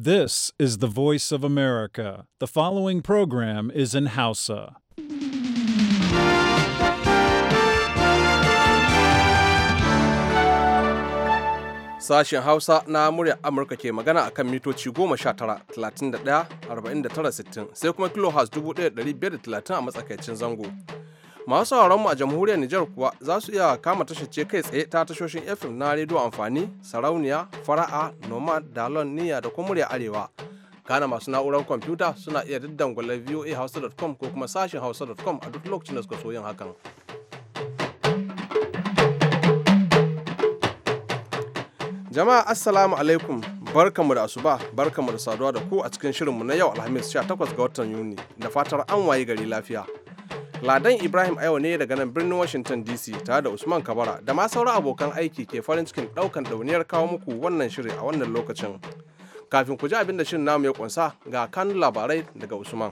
This is the voice of America. The following program is in Hausa. Sashen Hausa na murya Amurka ke magana akan mitoci 19, 31, 49, 60 sai kuma kilohaz 1530 a matsakaicin zango. masu mu a jamhuriyar Nijar kuwa za su iya kama tashace kai tsaye ta tashoshin FM na rediyo amfani, sarauniya, fara'a, nomad, dalon, niya da kuma murya arewa. Kana masu na'urar kwamfuta suna iya daddangwale voahouse.com ko kuma sashen hausa.com a duk lokacin da suka so hakan. Jama'a Assalamu alaikum barkamu da asuba barkamu da saduwa da ku a cikin shirinmu na yau Alhamis 18 ga watan Yuni da fatar an waye gari lafiya. Ladan Ibrahim Ayo ne daga nan birnin Washington DC tare da Usman Kabara da ma sauran abokan aiki ke farin cikin ɗaukan ɗauniyar kawo muku wannan shirin a wannan lokacin. Kafin ku ji abin da shirin namu ya kunsa ga kan labarai daga Usman.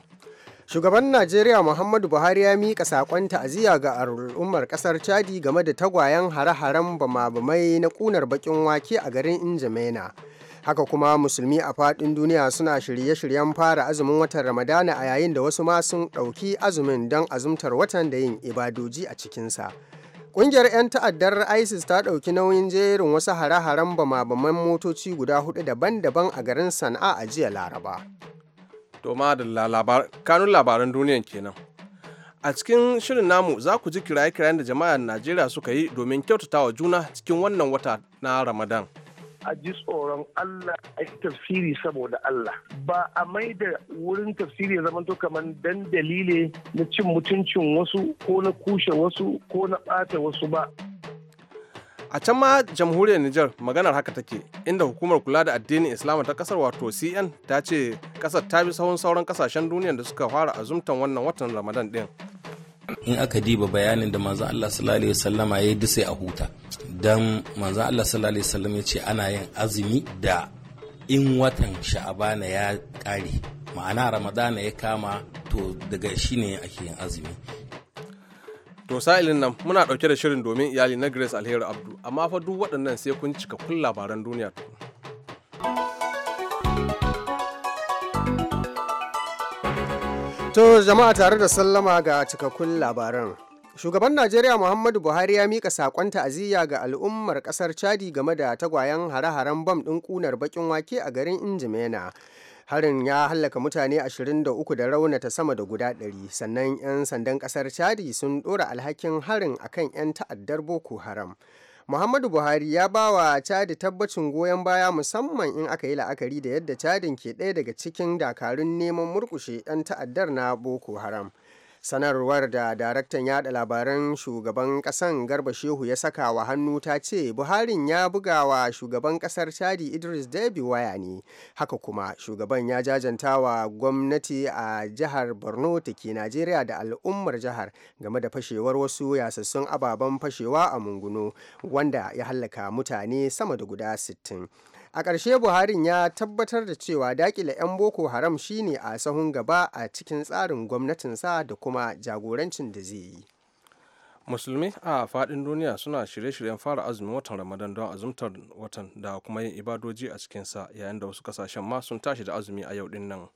Shugaban Najeriya Muhammadu Buhari ya miƙa saƙon ta'aziyya ga al'ummar ƙasar Chadi game da tagwayen hare-haren bama-bamai na kunar bakin wake a garin Injamena. haka kuma musulmi a faɗin duniya suna shirye-shiryen fara azumin watan ramadana a yayin da wasu ma sun ɗauki azumin don azumtar watan da yin ibadoji a cikinsa Ƙungiyar 'yan ta'addar ISIS ta ɗauki nauyin jerin wasu hare-haren bama-baman motoci guda hudu daban-daban a garin Sana'a a jiya Laraba. kanun labaran duniyan kenan. A cikin shirin namu za ku ji kiraye-kirayen da jama'ar Najeriya suka yi domin kyautata wa juna cikin wannan wata na Ramadan. a ji tsoron Allah a yi tafsiri saboda Allah ba a mai da wurin tafsiri zaman to kamar dan dalile na cin mutuncin wasu ko na kushe wasu ko na ɓata wasu ba. A can ma jamhuriyar Nijar maganar haka take inda hukumar kula da addinin Islam ta kasar wato CN ta ce kasar ta bi sahun sauran kasashen duniya da suka fara azumtan wannan watan Ramadan din. In aka diba bayanin da manzo Allah sallallahu alaihi wasallama ya yi sai a huta. Idan manzo Allah sallallahu alaihi wasallam ya ce ana yin azumi da in watan sha'abana ya kare ma'ana ramadana ya kama to daga shi ne ake yin azumi to sa'ilin nan muna ɗauke da shirin domin iyali na grace alheri abdu amma fa duk waɗannan sai kun cika kun labaran duniya to jama'a tare da sallama ga cikakkun labaran Shugaban Najeriya Muhammadu Buhari ya mika sakon ta'aziyya ga al'ummar kasar Chadi game da tagwayen hare-haren bam ɗin kunar bakin wake a garin Injimena. harin ya hallaka mutane 23 da raunata sama da guda 100 sannan 'yan sandan kasar chadi sun dora alhakin harin akan 'yan ta'addar boko haram muhammadu buhari ya ba wa chadi tabbacin goyon baya musamman in aka yi la'akari da yadda chadin ke ɗaya daga cikin dakarun neman murkushe 'yan ta'addar na boko haram sanarwar da daraktan yada labaran shugaban kasan garba shehu ya saka wa hannu ta ce buharin ya buga wa shugaban kasar chadi idris debi waya ne haka kuma shugaban ya jajanta wa gwamnati a jihar borno ta ke najeriya da al'ummar jihar game da fashewar wasu yasassun ababen fashewa a munguno wanda ya hallaka mutane sama da guda 60 a ƙarshe buharin ya tabbatar da cewa dakile 'yan boko haram shine a sahun gaba a cikin tsarin gwamnatinsa da kuma jagorancin da zai yi musulmi a fadin duniya suna shirye-shiryen fara azumin watan ramadan don azumtar watan da kuma yin ibadoji a cikinsa yayin da wasu kasashen ma sun tashi da azumi a yau din nan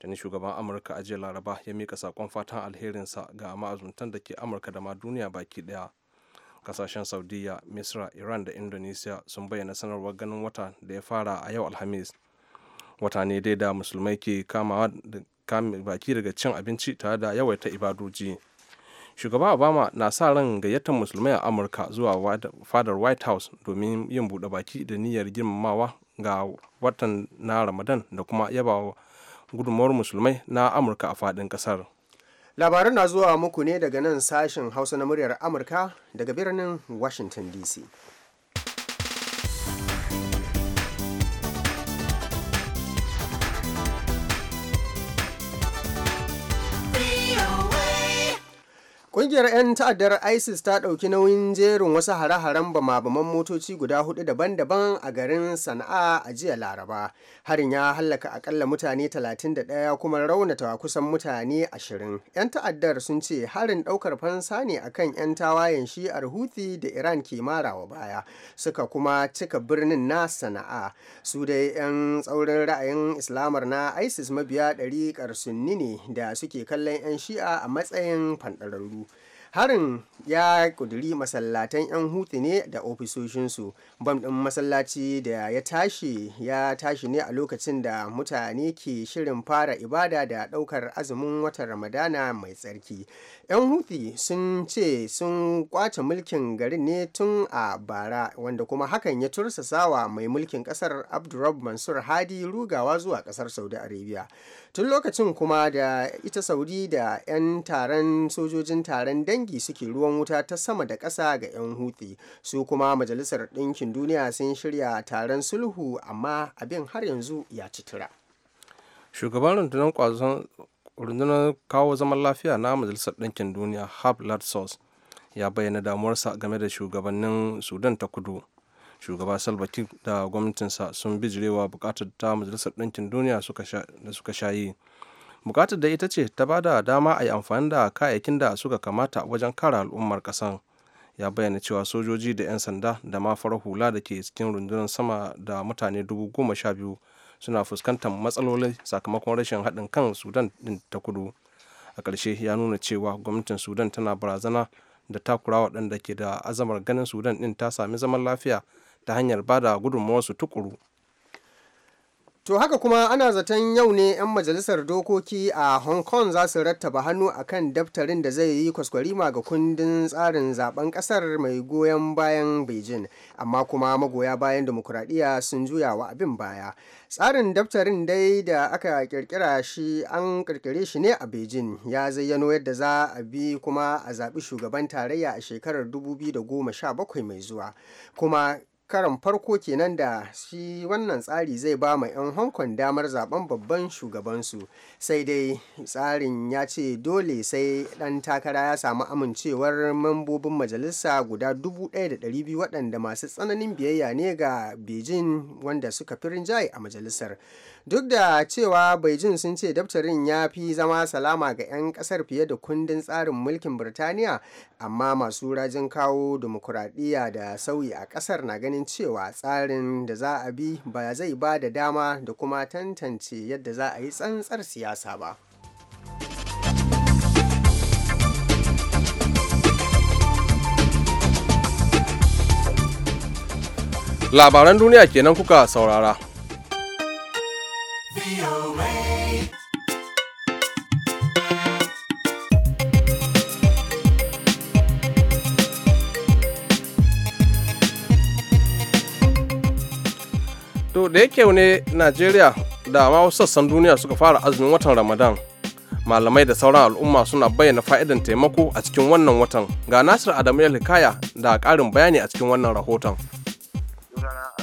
da ni shugaban amurka a jiya laraba ya mika saƙon fatan alherinsa ga ma'azumtan da ke amurka da ma duniya baki ɗaya kasashen saudiya misra iran da indonesia sun bayyana sanarwar ganin wata da ya fara a yau alhamis wata ne dai da musulmai ke kamawa kame baki daga cin abinci tare da yawaita ibadoji shugaba obama na sa ran gayyatar musulmai a amurka zuwa fadar white house domin yin buɗe baki da niyyar girmamawa ga watan na ramadan da kuma yaba gudunmawar musulmai na amurka a faɗin ƙasar labaran na zuwa muku ne daga nan sashen hausa na muryar amurka daga birnin washington dc Ƙungiyar 'yan ta'addar ISIS ta ɗauki nauyin jerin wasu hare-haren bama-baman motoci guda hudu daban-daban a garin Sana'a a jiya Laraba. Harin ya hallaka akalla mutane 31 kuma raunata kusan mutane 20. 'Yan ta'addar sun ce harin ɗaukar fansa ne a kan 'yan tawayen shi'ar huthi da Iran ke mara wa baya. Suka kuma cika birnin na Sana'a. Su dai 'yan tsaurin ra'ayin Islamar na ISIS mabiya ɗari sunni ne da suke kallon 'yan shi'a a matsayin fanɗararru. harin ya kuduri masallatan 'yan hutu ne da ofisoshinsu bam ɗin masallaci da ya tashi ya tashi ne a lokacin da mutane ke shirin fara ibada da ɗaukar azumin watan ramadana mai tsarki 'yan huthi sun ce sun kwace mulkin garin ne tun a bara wanda kuma hakan ya wa mai mulkin kasar abdurrab mansur hadi rugawa zuwa kasar saudi arabia tun lokacin kuma da ita saudi da 'yan taron sojojin taron dangi suke ruwan wuta ta sama da ƙasa ga 'yan huthi su kuma majalisar ɗinkin duniya sun shirya taron sulhu amma abin har yanzu ya ci tura shugaban rundunar rundunar kawo zaman lafiya na majalisar ɗinkin duniya hab latsos ya bayyana damuwarsa game da shugabannin sudan ta kudu shugaba salva da gwamnatinsa sun bijirewa bukatar ta majalisar ɗinkin duniya da suka shayi bukatar da ita ce ta ba da dama a yi amfani da kayayyakin da suka kamata wajen kara al'ummar ƙasan ya bayyana cewa sojoji da 'yan sanda da ma farar hula da ke cikin rundunar sama da mutane dubu goma sha biyu suna fuskantar matsaloli sakamakon rashin haɗin kan sudan din ta kudu a ƙarshe ya nuna cewa gwamnatin sudan tana barazana da takura waɗanda ke da azamar ganin sudan din ta sami zaman lafiya ta hanyar bada da su tukuru To haka kuma ana zaton yau ne 'yan majalisar dokoki a Hong Kong za su rattaba hannu a kan daftarin da zai yi kwaskwarima ga kundin tsarin zaben kasar mai goyon bayan Beijing, amma kuma magoya bayan demokuraɗiyya sun juya wa abin baya. Tsarin daftarin dai da aka kirkira shi an kirkire shi ne a Beijing ya zayyano yadda za a bi kuma a zaɓi shugaban tarayya a shekarar 2017 mai zuwa. Kuma karon farko kenan da shi wannan tsari zai ba ma 'yan hong kong damar zaben babban shugabansu sai dai tsarin ya ce dole sai dan takara ya samu amincewar mambobin majalisa guda 1,200 waɗanda masu tsananin biyayya ne ga beijing wanda suka fi rinjaye a majalisar duk da cewa beijing sun ce daftarin ya fi zama salama ga 'yan kasar fiye da kundin tsarin mulkin birtaniya amma masu rajin kawo dimokuraɗiyya da sauyi a kasar na ganin cewa tsarin da za a bi ba zai ba da dama da kuma tantance yadda za a yi tsantsar siyasa ba labaran duniya kenan kuka saurara To da yake ne Najeriya da ma wasu sassan duniya suka fara azumin watan Ramadan. Malamai da sauran al'umma suna bayyana fa'idan taimako a cikin wannan watan. Ga Nasir Adamu Hikaya da ƙarin bayani a cikin wannan rahoton.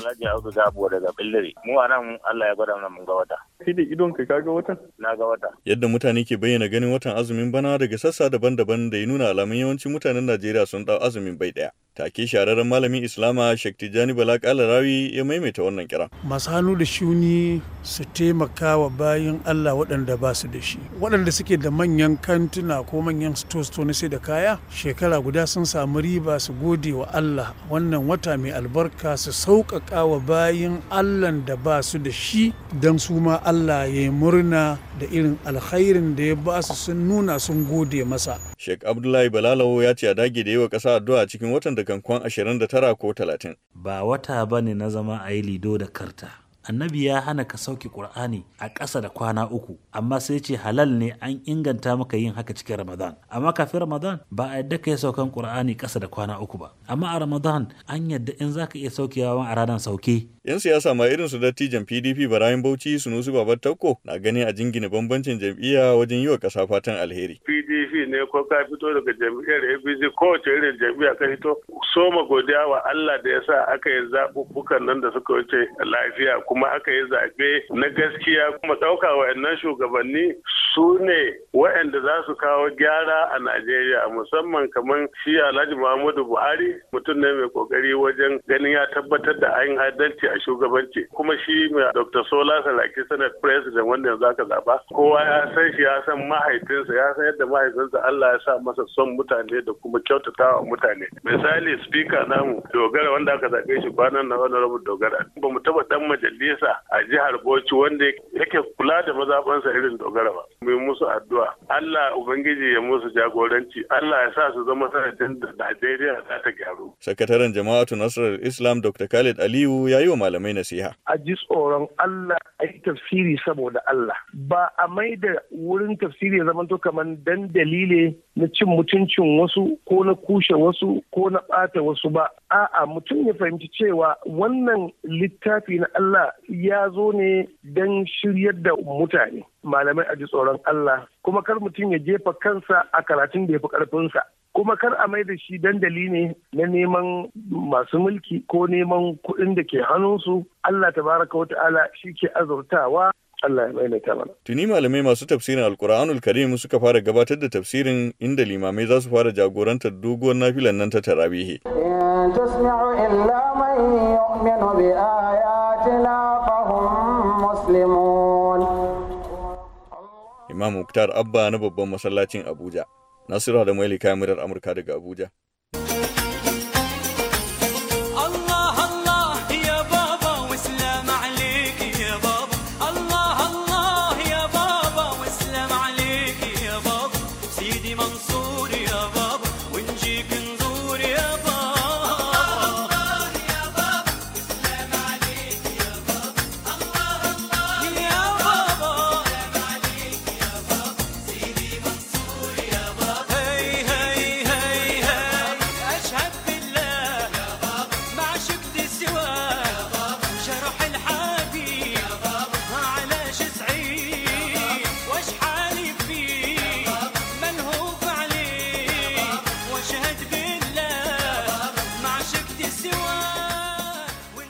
Alhaji Audu Gabo daga Billiri. Mu a nan Allah ya gwada mana mun ga wata. Kai da idon ka ka watan? Na ga wata. Yadda mutane ke bayyana ganin watan azumin bana daga sassa daban-daban da ya nuna alamun yawancin mutanen Najeriya sun dau azumin bai daya. Take shahararren malamin Islama Sheikh Tijani Bala Kalarawi ya maimaita wannan kira. Masu hannu da shuni su taimaka wa bayan Allah waɗanda ba su da shi. Waɗanda suke da manyan kantuna ko manyan sito na sai da kaya shekara guda sun samu riba su gode wa Allah wannan wata mai albarka su sauƙaƙa taimaka wa bayin allan da ba su da shi don su ma allah ya yi murna da irin alkhairin da ya ba su sun nuna sun gode masa Sheikh Abdullahi Balalawo ya ce a dage da yi wa ƙasa addu'a cikin watan da kankon 29 ko 30. Ba wata ba ne na zama a yi lido da karta. annabi ya hana ka sauke qur'ani a ƙasa da kwana uku amma sai ce halal ne an inganta maka yin haka cikin ramadan amma kafin ramadan ba a yadda ka yi saukan qur'ani ƙasa da kwana uku ba amma a ramadan an yadda in za ka iya saukewa a ranar sauke yan siyasa ma irin su dattijan pdp barayin bauchi sunusu babar tauko na gani a jingina bambancin jam'iyya wajen yiwa wa ƙasa fatan alheri pdp ne ko ka fito daga jam'iyyar ABC kowace irin jam'iyya ka fito soma godiya wa allah da ya sa aka yi zaɓuɓɓukan nan da suka wuce lafiya kuma aka yi zaɓe na gaskiya kuma ɗauka wa'annan shugabanni su ne waɗanda za su kawo gyara a Najeriya musamman kamar shi Alhaji Muhammadu Buhari mutum ne mai kokari wajen ganin ya tabbatar da ayin adalci a shugabanci kuma shi mai Dr. Sola Salaki Senate President wanda yanzu aka zaba kowa ya san shi ya san mahaifinsa ya san yadda mahaifinsa Allah ya sa masa son mutane da kuma kyautata wa mutane misali speaker namu dogara wanda aka zaɓe shi kwanan na honorable dogara ba mu taba ɗan majalisa Bisa a jihar Bauchi wanda yake kula da mazabansa irin dogara ba. Mai musu addu'a. Allah Ubangiji ya musu jagoranci. Allah ya sa su zama sanadin da Najeriya za ta gyaru. Sakataren Jama'atu Nasarar Islam Dr. Khalid Aliyu ya yi wa malamai nasiha. A ji tsoron Allah a yi tafsiri saboda Allah. Ba a mai da wurin tafsiri ya to kamar dandali ne na cin mutuncin wasu ko na kushe wasu ko na ɓata wasu ba. A'a mutum ya fahimci cewa wannan littafi na Allah ya zo ne don shiryar da mutane malamai a ji tsoron Allah kuma kar mutum ya jefa kansa a karatun da ya fi karfinsa kuma kar a mai da shi dandali ne na neman masu mulki ko neman kuɗin da ke hannunsu Allah ta baraka wa ta'ala shi ke azurtawa Allah ya mana. Tuni malamai masu tafsirin Alkur'anul Karim suka fara gabatar da tafsirin inda limamai za su fara jagorantar doguwar nafilan nan ta tarabihi. In illa man yu'minu bi ayatina Imam Muktar Abba na babban masallacin Abuja. Nasiru da Maili kayan murar Amurka daga Abuja.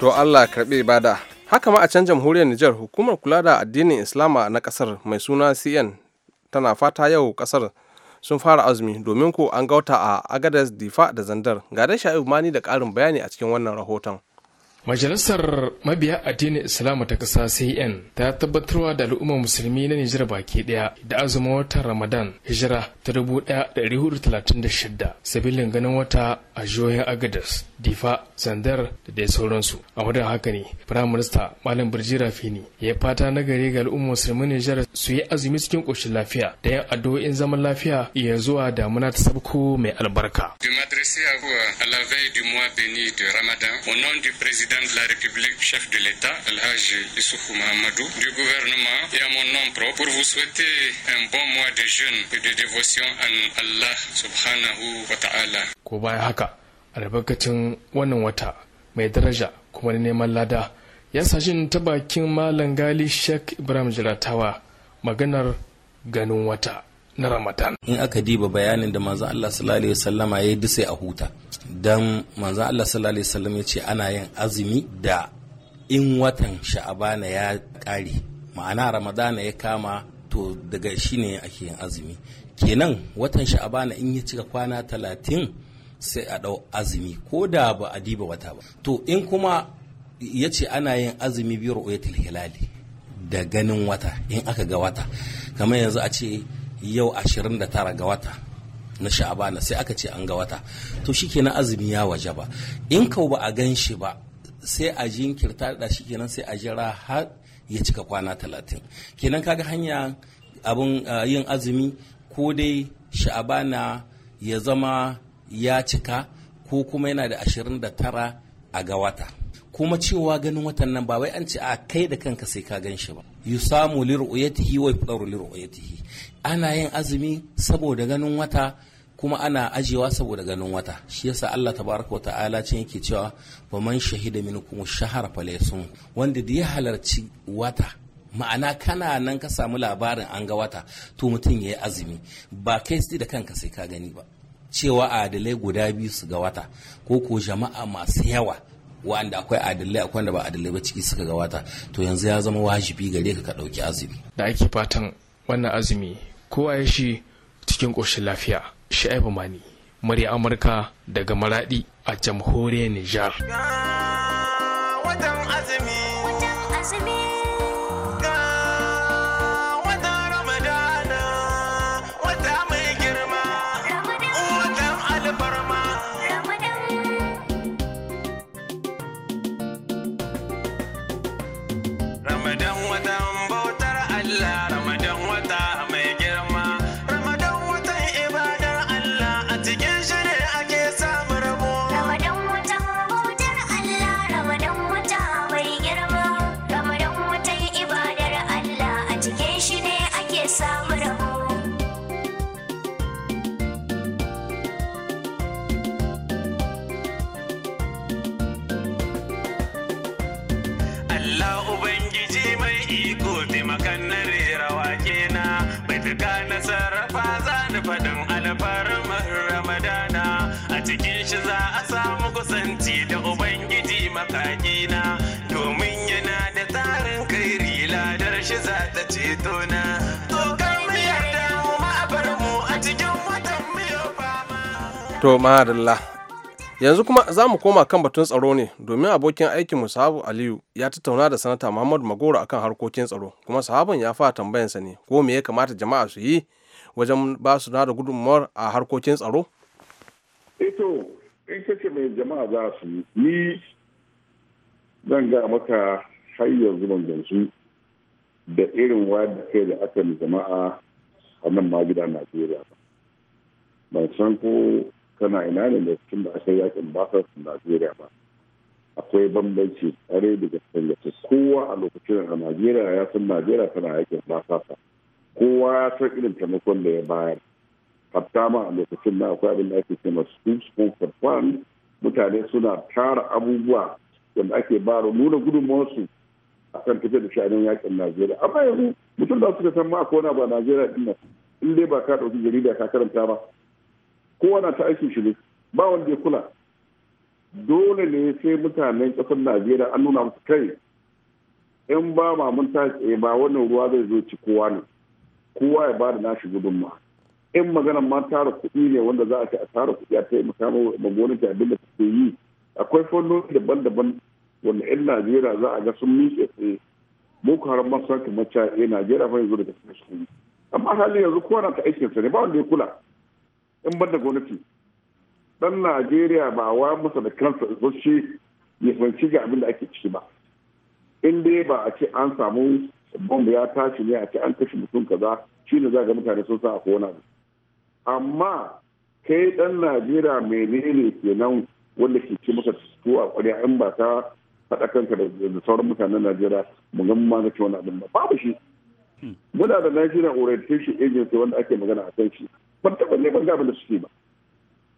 to Allah karbe bada haka ma a can jamhuriyar Nijar hukumar kula da addinin Islama na kasar mai suna CN tana fata yau kasar sun fara azumi domin ko an gauta a Agadez Difa da Zandar ga dai Sha'ibu Mani da karin bayani a cikin wannan rahoton Majalisar Mabiya Addinin islama ta kasa CN ta tabbatarwa da al'ummar musulmi na Nijar baki ɗaya da azumin watan Ramadan hijira ta 1436 sabilin ganin wata a jihohin Agadez, Difa zandar da dai sauransu a wadda haka ne firayim minista malam birji rafini ya fata na gari ga al'ummar musulmin nijar su yi azumi cikin ƙoshin lafiya da yin addu'o'in zaman lafiya ya zuwa damuna ta sabko mai albarka. de m'adresser à vous euh, à la veille du mois béni de ramadan au nom du président de la république chef de l'état alhaji issoufou mahamadou du gouvernement et à mon nom propre pour vous souhaiter un bon mois de jeûne et de dévotion en allah subhanahu wa ta'ala. ko bayan haka albarkacin wannan wata mai daraja kuma na neman lada ya sashin ta bakin malam gali sheikh ibrahim jiratawa maganar ganin wata na ramadan in aka diba bayanin da manzon allah sallallahu alaihi ya yi dusai a huta dan manzon allah sallallahu alaihi wasallam ya ce ana yin azumi da in watan sha'abana ya kare ma'ana ramadana ya kama to daga shi ne ake yin azumi kenan watan sha'abana in ya cika kwana talatin sai a ɗau azumi ko da ba a diba wata ba to in kuma ya ce ana yin azumi biyu ya hilali da ganin wata in aka ga wata kamar yanzu a ce yau 29 ga wata na sha'abana sai aka ce an ga wata to shikenan azumi ya waje ba in kau ba a gan shi ba sai a jinkirta da shi kenan sai a jira har ya cika kwana talatin kenan kaga hanya abin yin azumi ko dai sha'abana ya zama ya cika ko kuma yana da 29 a ga wata kuma cewa ganin watan nan ba wai an ce a kai da kanka sai ka gan shi ba yusamu li ru'yatihi wa yuqdaru li ru'yatihi ana yin azumi saboda ganin wata kuma ana ajewa saboda ganin wata shi yasa Allah tabaraka wa ta'ala cin yake cewa ba man shahida minkum shahara falaysun wanda da ya halarci wata ma'ana kana nan ka samu labarin an ga wata to mutum yayi azumi ba kai da kanka sai ka gani ba cewa adalai guda biyu su ga wata ko ko jama'a masu yawa wanda akwai adalai akwai wanda ba adalai ba ciki suka ga wata to yanzu ya zama wajibi gare ka ka ɗauki azumi da ake fatan wannan azumi kowa ya shi cikin ƙoshin lafiya sha'ibu mani murya amurka daga maradi a jamhuriyar nijar wajen azumi da ubangiji makagina domin yana da tsarin kairi ladar shi za ta ceto na tokar mu yarda mu ma'abar mu a cikin watan miyo fama to madalla yanzu kuma za mu koma kan batun tsaro ne domin abokin aikin mu sahabu aliyu ya tattauna da sanata muhammadu magoro akan harkokin tsaro kuma sahabun ya fara tambayansa ne ko me ya kamata jama'a su yi wajen ba su da gudunmuwar a harkokin tsaro? Ito, eh in ka ce mai jama'a za su yi ni zan ga maka hanyar zuban gansu da irin wadda kai da aka jama'a a nan ma gida najeriya ban san ko kana ina ne cikin da aka yakin basar najeriya ba akwai bambanci tsare da gaske kowa a lokacin a najeriya ya san najeriya tana yakin basasa kowa ya san irin taimakon da ya bayar hatta ma a lokacin na akwai abin da ake ce masu sponsored fund mutane suna tara abubuwa wanda ake ba nuna gudunmawarsu a kan tafiya da sha'anin yakin najeriya amma yanzu mutum da suka san ma ko na ba najeriya din nan in dai ba ka ɗauki jarida ka karanta ba kowa na ta aikin shi ne ba wanda ya kula dole ne sai mutanen ƙasar najeriya an nuna musu kai in ba ma mun ta ba wannan ruwa zai zo ci kowa ne kowa ya ba da nashi gudunmawa in magana ma tara kuɗi ne wanda za a ce a tara kuɗi a taimaka ma gwamnati abin da take yi akwai fannoni daban-daban wanda 'yan najeriya za a ga sun miƙe tsaye boko haram masu sake mace a eh, najeriya fa yanzu da su yi amma hali yanzu kowa na ta aikinsa ne ba wanda ya kula in ban da gwamnati dan najeriya ba wa masa da kansa zo shi ya fahimci ga abin da ake ciki ba in dai ba a ce an samu bomb ya tashi ne a ce an kashe mutum kaza shine za ga mutane sun sa a kona ba amma kai dan najeriya menene kenan wanda ke ci maka tuwo a kwarya in ba ta faɗa kanka da sauran mutanen najeriya mu ga ma zaki wani abin ba babu shi hmm. muna da najeriya orientation agency wanda ake magana a kan shi ban taɓa ne ban ga da suke ba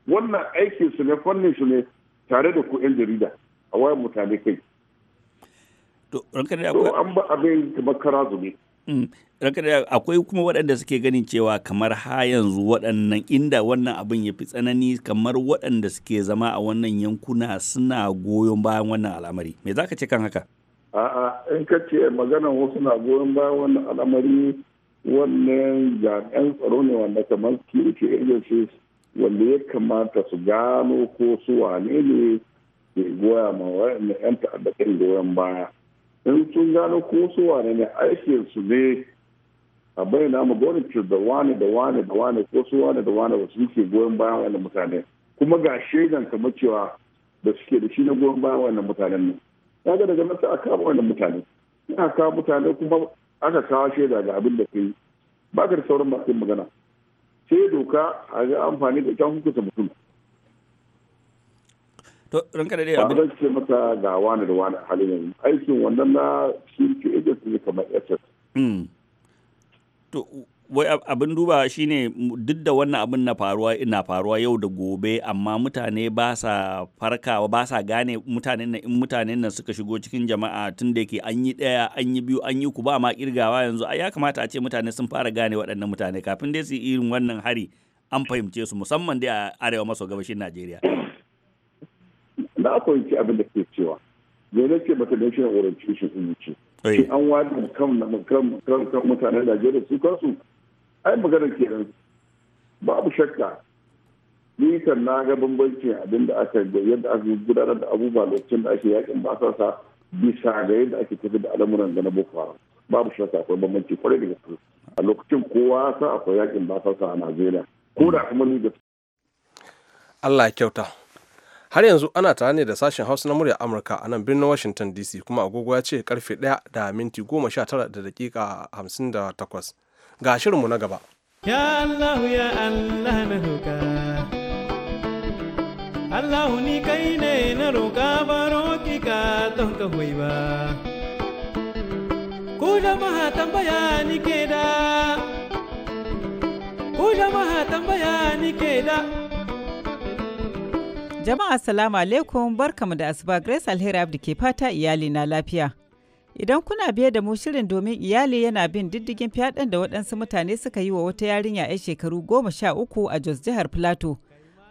wannan aikin su ne fannin su ne tare da ku yan jarida a wayan mutane kai to an ba abin kamar kara zume Mm. akwai kuma waɗanda suke ganin cewa kamar ha yanzu waɗannan inda wannan abin ya fi tsanani kamar waɗanda suke zama a wannan yankuna suna goyon bayan wannan al'amari me za ka ce kan haka a'a in ka ce maganan wasu na goyon bayan wannan al'amari wannan jami'an tsaro ne wanda kamar security agencies wanda ya kamata su gano ko su wane ne ke goya ma wa'annan 'yan ta'adda goyon baya in sun gano ko su wane ne aikin su ne a bayyana mu gwamnati da wane da wane da wane ko su wane da wane wasu suke goyon bayan wannan mutane kuma ga shaidan kamar cewa da suke da shi na goyon bayan wannan mutanen ne ga daga nan a kama wannan mutane ina kawo mutane kuma aka kawo shaida ga abin da kai ba ka da sauran masu magana sai doka a ga amfani da ita hukunta mutum to ranka da dai abin ce mata ga wani da wani halin yanzu aikin wannan na shi ke ne kamar SS hmm. to wai abin duba shine duk da wannan abin na faruwa ina faruwa yau da gobe amma mutane ba sa farkawa ba sa gane mutanen nan in mutanen nan suka shigo cikin jama'a tun da yake an yi ɗaya an yi biyu an yi ku ba ma kirgawa yanzu ya kamata a ce mutane sun fara gane waɗannan mutane kafin dai su irin wannan hari an fahimce su musamman dai a arewa maso gabashin Najeriya. na fahimci abin da ke cewa me nake mata da shi orientation ce shi an wani kan kan kan mutanen Najeriya su kansu ai maganar kenan babu shakka ni kan na ga bambancin abin da aka ga yadda aka gudanar da abubuwa lokacin da ake yakin ba sa bisa ga yadda ake tafi da al'amuran da na Boko Haram babu shakka akwai bambanci kwarai da gaske a lokacin kowa sa akwai yakin ba sa a Najeriya ko da kuma ni da Allah kyauta har yanzu ana tare ne da sashen hausa na murya amurka a nan birnin washington dc kuma agogo ya ce karfe 1 da minti 19 da dakika 58 ga shirinmu na gaba ya allah ya allah na roka allah ni kai ne na roka baro ki ka don ka hoyi ba ku jama'a tambaya ni ke da ku jama'a tambaya ni ke da Jama'a assalamu alaikum barkamu da asuba Grace Alheri Abdi ke fata iyali na lafiya. Idan kuna biye da mu shirin domin iyali yana bin diddigin fyaɗen da waɗansu mutane suka yi wa wata yarinya 'yan shekaru goma sha uku a Jos jihar Plateau.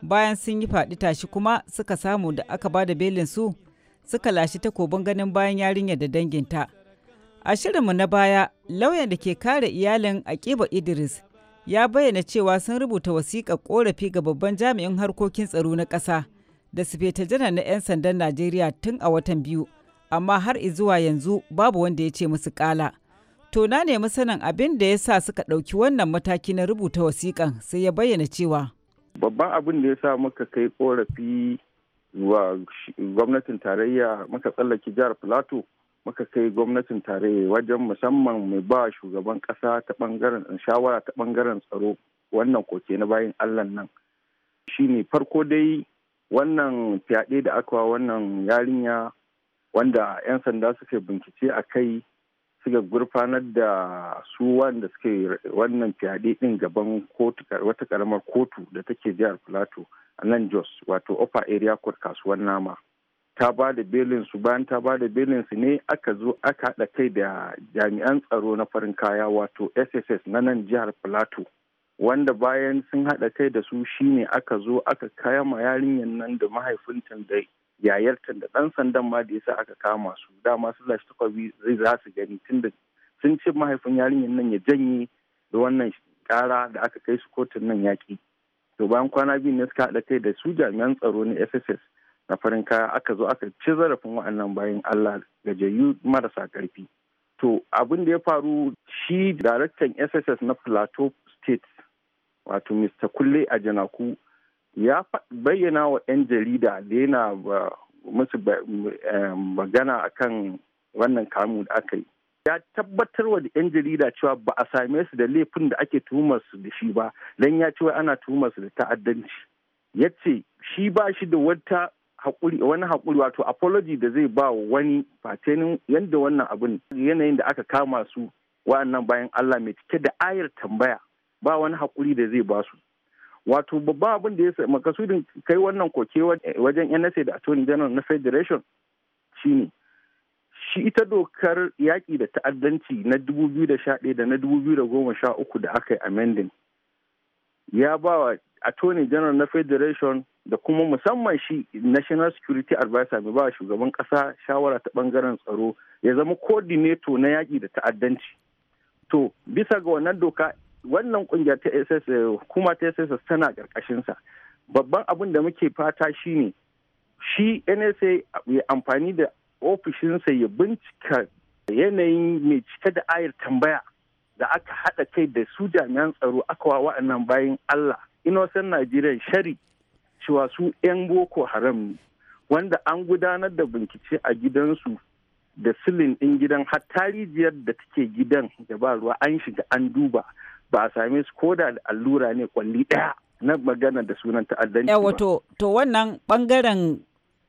Bayan sun yi faɗi tashi kuma suka samu da aka bada belin su suka lashi takobin ganin bayan yarinya da danginta. A shirinmu na baya, lauyan da ke kare iyalin a Akiba Idris ya bayyana cewa sun rubuta wasiƙar ƙorafi ga babban jami'in harkokin tsaro na ƙasa. da sufeta jana na 'yan sandan Najeriya tun a watan biyu, amma har zuwa yanzu babu wanda ya ce musu kala. To na nemi sanin abin da ya sa suka ɗauki wannan mataki na rubuta wasikan sai ya bayyana cewa. Babban abin da ya sa muka kai korafi wa gwamnatin tarayya muka tsallake jihar Plateau muka kai gwamnatin tarayya wajen musamman mai ba shugaban ƙasa ta ɓangaren shawara ta ɓangaren tsaro wannan koke na bayan Allah nan. Shi ne farko dai wannan fyaɗe da aka wannan yarinya wanda 'yan sanda suka bincike a kai suka gurfanar da su wanda suke wannan fyaɗe ɗin gaban wata ƙaramar kotu da take jihar plateau a nan jos wato upper area court kasuwar nama ta ba da su bayan ta ba da belin su ne aka zo aka haɗa kai da jami'an tsaro na farin kaya wato sss na nan jihar plateau wanda bayan sun haɗa kai da su shine aka zo aka kama yarinyar nan da mahaifinta da yayarta da ɗan sandan ma da yasa aka kama su dama su lashe takwabi zai za su gani tunda sun ce mahaifin yarinyar nan ya janye da wannan kara da aka kai su kotun nan yaƙi to bayan kwana biyu ne suka haɗa kai da su jami'an tsaro na sss na farin kaya aka zo aka ci zarafin wa'annan bayan allah gajayyu marasa ƙarfi to abin da ya faru shi daraktan sss na plateau state wato mr kulle a janaku ya bayyana wa 'yan jarida da yana uh, musu um, magana a kan wannan kamu da aka yi ya tabbatar wa da 'yan jarida cewa ba a same su da laifin da ake tuhumar su da shi ba don ya ce ana tuhumar su da ta'addanci ya ce shi ba shi da wata haƙuri wani haƙuri wato apology da zai ba wani fatanin yadda wannan abin yanayin da aka kama su wa'annan bayan Allah mai cike da ayar tambaya ba wani hakuri da zai basu wato babba abin da ya makasudin kai wannan koke eh, wajen nsa da attorney general na federation shine shi ita dokar yaƙi da ta'addanci na 2011 da na 2013 da aka yi amending ya ba wa attorney general na federation da kuma musamman shi national security advisor mai ba shugaban kasa shawara ta bangaren tsaro ya zama coordinator na yaƙi da ta'addanci to bisa ga wannan doka wannan kungiyar ta SS eh, kuma ta ss tana karkashinsa babban abin da muke fata shine shi nsa ya amfani da ofishinsa ya bincika yanayin mai cike da ayar tambaya da aka haɗa kai da su jami'an tsaro aka wa wa'annan bayan allah innocent najeriya shari cewa su 'yan boko haram ne wanda an gudanar da bincike a gidansu da silin ɗin gidan har tarijiyar da take gidan da ba ruwa an shiga an duba ba a same su ko da allura ne kwalli daya na magana da sunan ta'addanci ba. wato to wannan bangaren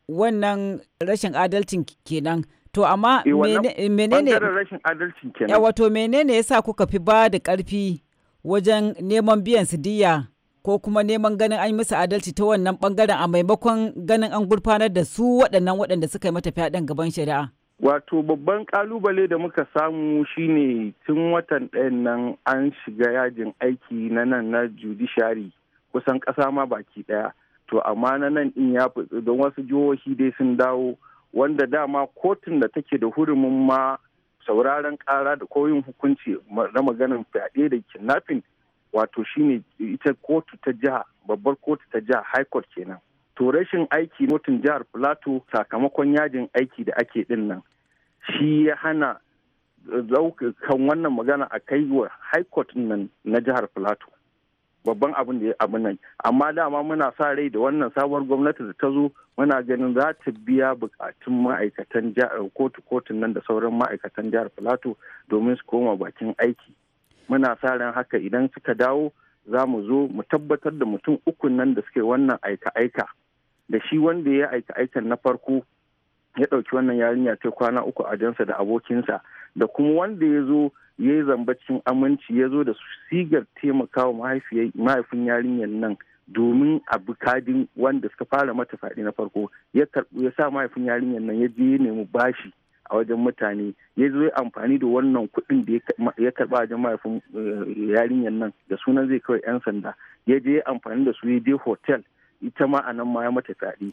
wannan rashin adalcin kenan to amma eh, eh, menene rashin adalcin kenan to menene yasa kuka fi ba da karfi wajen neman biyan su diya ko kuma neman ganin an yi musu adalci ta wannan bangaren a maimakon ganin an gurfanar da su waɗannan waɗanda suka yi mata fyaɗen gaban shari'a Wato babban kalubale da muka samu shine tun watan ɗayan nan an shiga yajin aiki na nan na judiciary kusan ƙasa ma baki ɗaya. To amma na nan ɗin ya fitsi don wasu jihohi dai sun dawo wanda dama kotun da take da hurumin ma sauraron ƙara da koyin hukunci na maganin fyaɗe da kidnapping wato shine ita kotu ta jiha babbar kotu ta jiha high court kenan. to rashin aiki mutum jihar plateau sakamakon yajin aiki da ake din nan shi ya hana kan wannan magana a kai wa high court nan na jihar plateau babban abin da ya abin nan amma dama muna sa rai da wannan sabuwar gwamnati da ta zo muna ganin za ta biya bukatun ma'aikatan kotu kotun nan da sauran ma'aikatan jihar plateau domin su koma bakin aiki muna sa ran haka idan suka dawo za mu zo mu tabbatar da mutum ukun nan da suke wannan aika-aika da shi wanda ya aika aikan na farko ya ɗauki wannan yarinya ta kwana uku a jansa da abokinsa da kuma wanda ya zo ya yi zambacin aminci ya zo da sigar taimakawa mahaifin yarinyar nan domin a bukadin wanda suka fara mata faɗi na farko ya karɓi ya sa mahaifin yarinyar nan ya je ya nemi bashi a wajen mutane ya zo ya amfani da wannan kuɗin da ya karɓa wajen mahaifin eh, yarinyar nan da sunan zai kawai 'yan sanda ya je ya amfani da su ya je hotel ita ma a nan ma ya mata fyaɗe.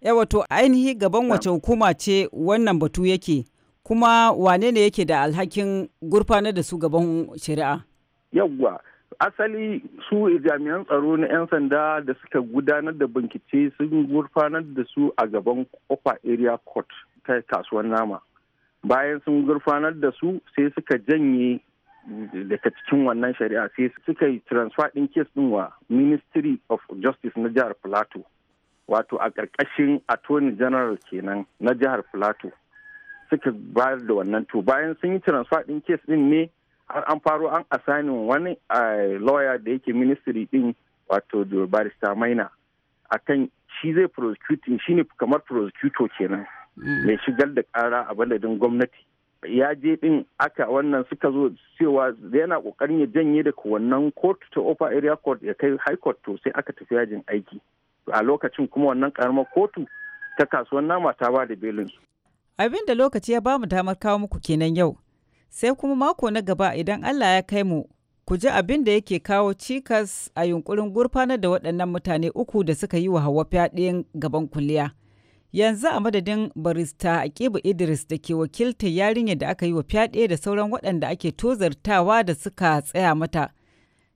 Ya eh, wato ainihi gaban wace hukuma ce wannan batu yake kuma wane ne yake da alhakin gurfanar da su gaban shari'a? Yawwa asali su jami'an tsaro na 'yan sanda da suka gudanar da bincike sun gurfanar da su a gaban kofa area court ta kasuwar nama. Bayan sun gurfanar da su sai suka janye daga cikin wannan shari'a sai suka yi transfer din kes din wa ministry of justice na jihar plateau wato a ƙarƙashin attorney general kenan na jihar plateau suka bayar da wannan to bayan sun yi transfer din kes din ne har an faro an assigning wani eh, lawyer da yake ministry din wato barista maina akan shi zai prosecuting shine kamar prosecutor kenan mm. mai shigar da kara a baladin gwamnati ya je din aka wannan suka zo cewa yana kokarin ya janye daga wannan court to upper area court ya kai high court to sai aka tafi yajin aiki a lokacin kuma wannan karamar kotu ta kasuwan nama ta ba da belin su abin da lokaci ya ba mu damar kawo muku kenan yau sai kuma mako na gaba idan allah ya kai mu ku ji abin da yake kawo cikas a yunkurin gurfanar da waɗannan mutane uku da suka yi wa hawa fyaɗe gaban kuliya. yanzu a madadin barista akibu idris da ke wakiltar yarinyar da aka yi wa fyaɗe da sauran waɗanda ake tozartawa da suka tsaya mata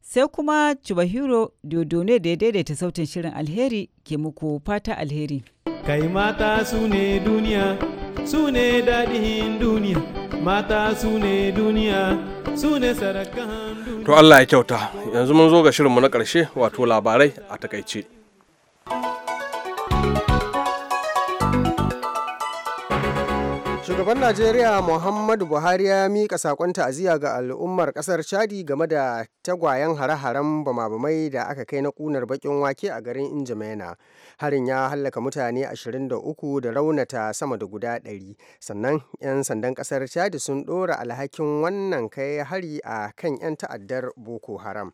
sai kuma cibahiro dodone da ya daidaita sautin shirin alheri ke muku fata alheri kai mata su ne duniya su ne daɗin duniya mata su ne duniya su ne sarakan duniya to allah ya kyauta yanzu mun zo ga shirinmu na karshe wato labarai a takaice Shugaban Najeriya Muhammadu Buhari ya mika sakon ta'aziyya ga al'ummar kasar Chadi game da tagwayen hare-haren bama-bamai da aka kai na kunar bakin wake a garin Injimena. Harin ya hallaka mutane 23 da raunata sama da guda 100. Sannan 'yan sandan kasar Chadi sun dora alhakin wannan kai hari a kan 'yan ta'addar Boko Haram.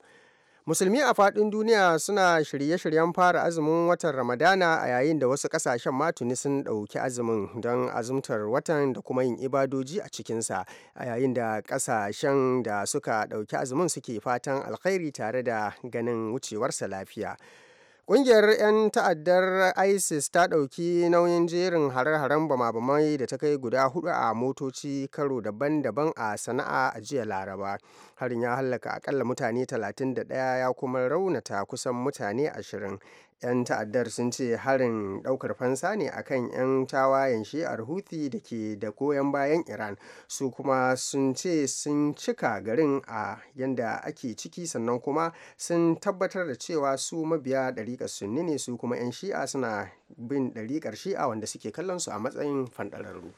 Musulmi a faɗin duniya suna shirye-shiryen fara azumin watan Ramadana a yayin da wasu ƙasashen matuni sun ɗauki azumin don azumtar watan da kuma yin ibadoji a cikinsa a yayin da ƙasashen da suka ɗauki azumin suke fatan alkhairi tare da ganin wucewarsa lafiya. Ƙungiyar 'yan ta'addar ISIS ta ɗauki nauyin jerin hare-haren bama-bamai da ta kai guda hudu a motoci karo daban-daban a Sana'a a jiya Laraba. Harin ya hallaka akalla mutane 31 ya kuma raunata kusan mutane 20. 'yan ta'addar sun ce harin daukar fansa ne a kan 'yan tawayen shi'ar huti da ke da goyon bayan iran su kuma sun ce sun cika garin a yanda ake ciki sannan kuma sun tabbatar da cewa su mabiya ɗariƙar sunni ne su kuma 'yan shi'a suna bin ɗariƙar shi'a wanda suke kallon su a matsayin fandararru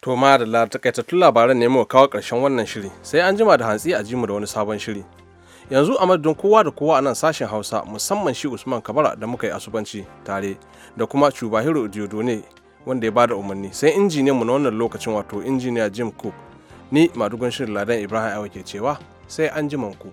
to ma da takaitattun labaran ne mu kawo karshen wannan shiri sai an jima da hantsi a jimu da wani sabon shiri yanzu a madadin kowa da kowa a nan sashen hausa musamman shi usman kabara da muka yi asubanci tare da kuma cubahiro diodone wanda ya bada umarni sai injiniyan mu na wannan lokacin wato injiniya jim cook ni madugun shirin ladan ibrahim awa ke cewa sai an ku.